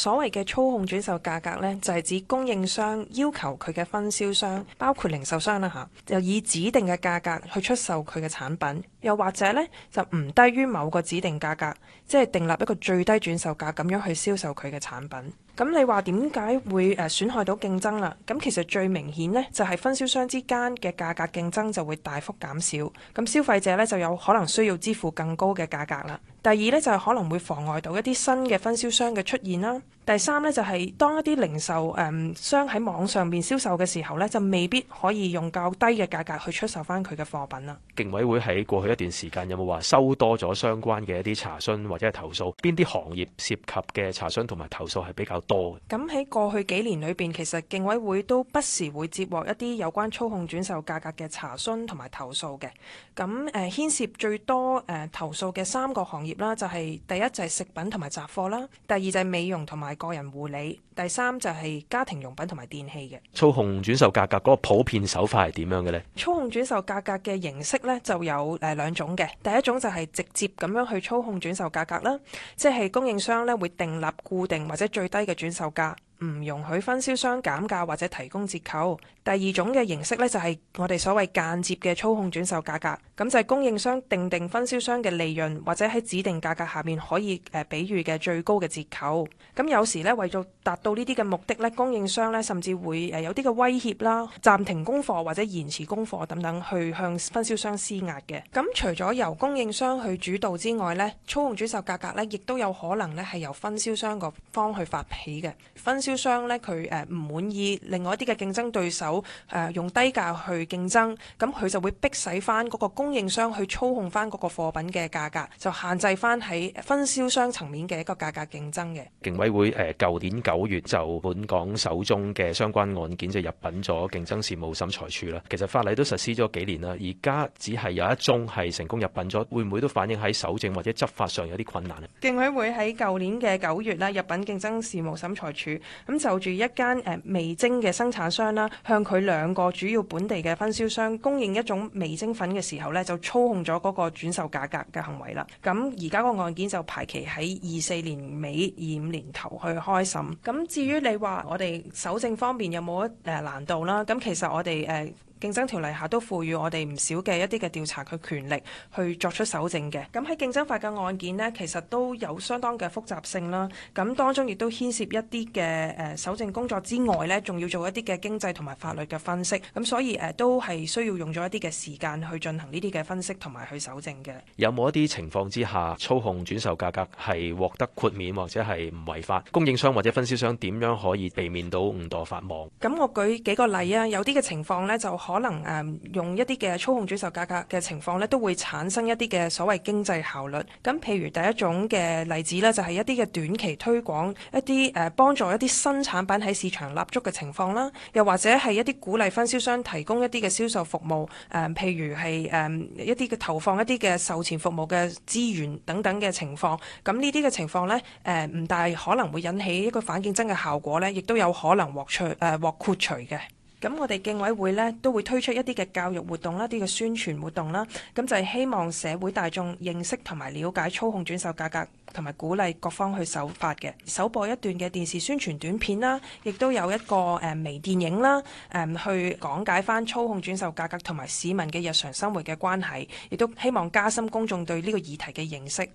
所謂嘅操控轉售價格呢，就係指供應商要求佢嘅分銷商，包括零售商啦嚇，就以指定嘅價格去出售佢嘅產品，又或者呢，就唔低於某個指定價格，即係訂立一個最低轉售價咁樣去銷售佢嘅產品。咁你話點解會誒損害到競爭啦？咁其實最明顯呢，就係分銷商之間嘅價格競爭就會大幅減少，咁消費者呢，就有可能需要支付更高嘅價格啦。第二咧就係、是、可能會妨礙到一啲新嘅分銷商嘅出現啦。第三咧就係、是、當一啲零售誒商，喺網上邊銷售嘅時候咧，就未必可以用較低嘅價格去出售翻佢嘅貨品啦。競委會喺過去一段時間有冇話收多咗相關嘅一啲查詢或者係投訴？邊啲行業涉及嘅查詢同埋投訴係比較多嘅？咁喺過去幾年裏邊其實競委會都不時會接獲一啲有關操控轉售價格嘅查詢同埋投訴嘅。咁誒牽涉最多誒、呃、投訴嘅三個行業啦，就係第一就係食品同埋雜貨啦，第二就係美容同埋個人護理，第三就係家庭用品同埋電器嘅。操控轉售價格嗰個普遍手法係點樣嘅呢？操控轉售價格嘅形式咧就有誒兩種嘅，第一種就係直接咁樣去操控轉售價格啦，即係供應商咧會訂立固定或者最低嘅轉售價。唔容許分銷商減價或者提供折扣。第二種嘅形式咧，就係我哋所謂間接嘅操控轉售價格。咁就係供應商訂定分銷商嘅利潤，或者喺指定價格下面可以誒比喻嘅最高嘅折扣。咁有時咧為咗達到呢啲嘅目的咧，供應商咧甚至會誒有啲嘅威脅啦，暫停供貨或者延遲供貨等等，去向分銷商施壓嘅。咁除咗由供應商去主導之外咧，操控轉售價格咧，亦都有可能咧係由分銷商個方去發起嘅分商呢，佢誒唔滿意另外一啲嘅競爭對手誒用低價去競爭，咁佢就會逼使翻嗰個供應商去操控翻嗰個貨品嘅價格，就限制翻喺分銷商層面嘅一個價格競爭嘅。競委會誒舊年九月就本港首宗嘅相關案件就入稟咗競爭事務審裁處啦。其實法例都實施咗幾年啦，而家只係有一宗係成功入稟咗，會唔會都反映喺搜證或者執法上有啲困難？咧？競委會喺舊年嘅九月咧入稟競爭事務審裁處。咁就住一間誒味精嘅生產商啦、啊，向佢兩個主要本地嘅分銷商供應一種味精粉嘅時候呢，就操控咗嗰個轉售價格嘅行為啦。咁而家個案件就排期喺二四年尾、二五年頭去開審。咁至於你話我哋搜證方面有冇一誒難度啦？咁其實我哋競爭條例下都賦予我哋唔少嘅一啲嘅調查嘅權力，去作出搜證嘅。咁喺競爭法嘅案件呢，其實都有相當嘅複雜性啦。咁當中亦都牽涉一啲嘅誒搜證工作之外呢，仲要做一啲嘅經濟同埋法律嘅分析。咁所以誒、呃，都係需要用咗一啲嘅時間去進行呢啲嘅分析同埋去搜證嘅。有冇一啲情況之下操控轉售價格係獲得豁免或者係唔違法？供應商或者分銷商點樣可以避免到誤墮法網？咁我舉幾個例啊，有啲嘅情況呢，就，可能誒用一啲嘅操控轉售價格嘅情況咧，都會產生一啲嘅所謂經濟效率。咁譬如第一種嘅例子咧，就係、是、一啲嘅短期推廣，一啲誒幫助一啲新產品喺市場立足嘅情況啦。又或者係一啲鼓勵分銷商提供一啲嘅銷售服務，誒譬如係誒一啲嘅投放一啲嘅售前服務嘅資源等等嘅情況，咁呢啲嘅情況咧，誒唔大可能會引起一個反競爭嘅效果咧，亦都有可能獲取誒獲豁除嘅。咁我哋競委會咧都會推出一啲嘅教育活動啦，一啲嘅宣傳活動啦，咁就係希望社會大眾認識同埋了解操控轉售價格，同埋鼓勵各方去守法嘅。首播一段嘅電視宣傳短片啦，亦都有一個微電影啦，去講解翻操控轉售價格同埋市民嘅日常生活嘅關係，亦都希望加深公眾對呢個議題嘅認識。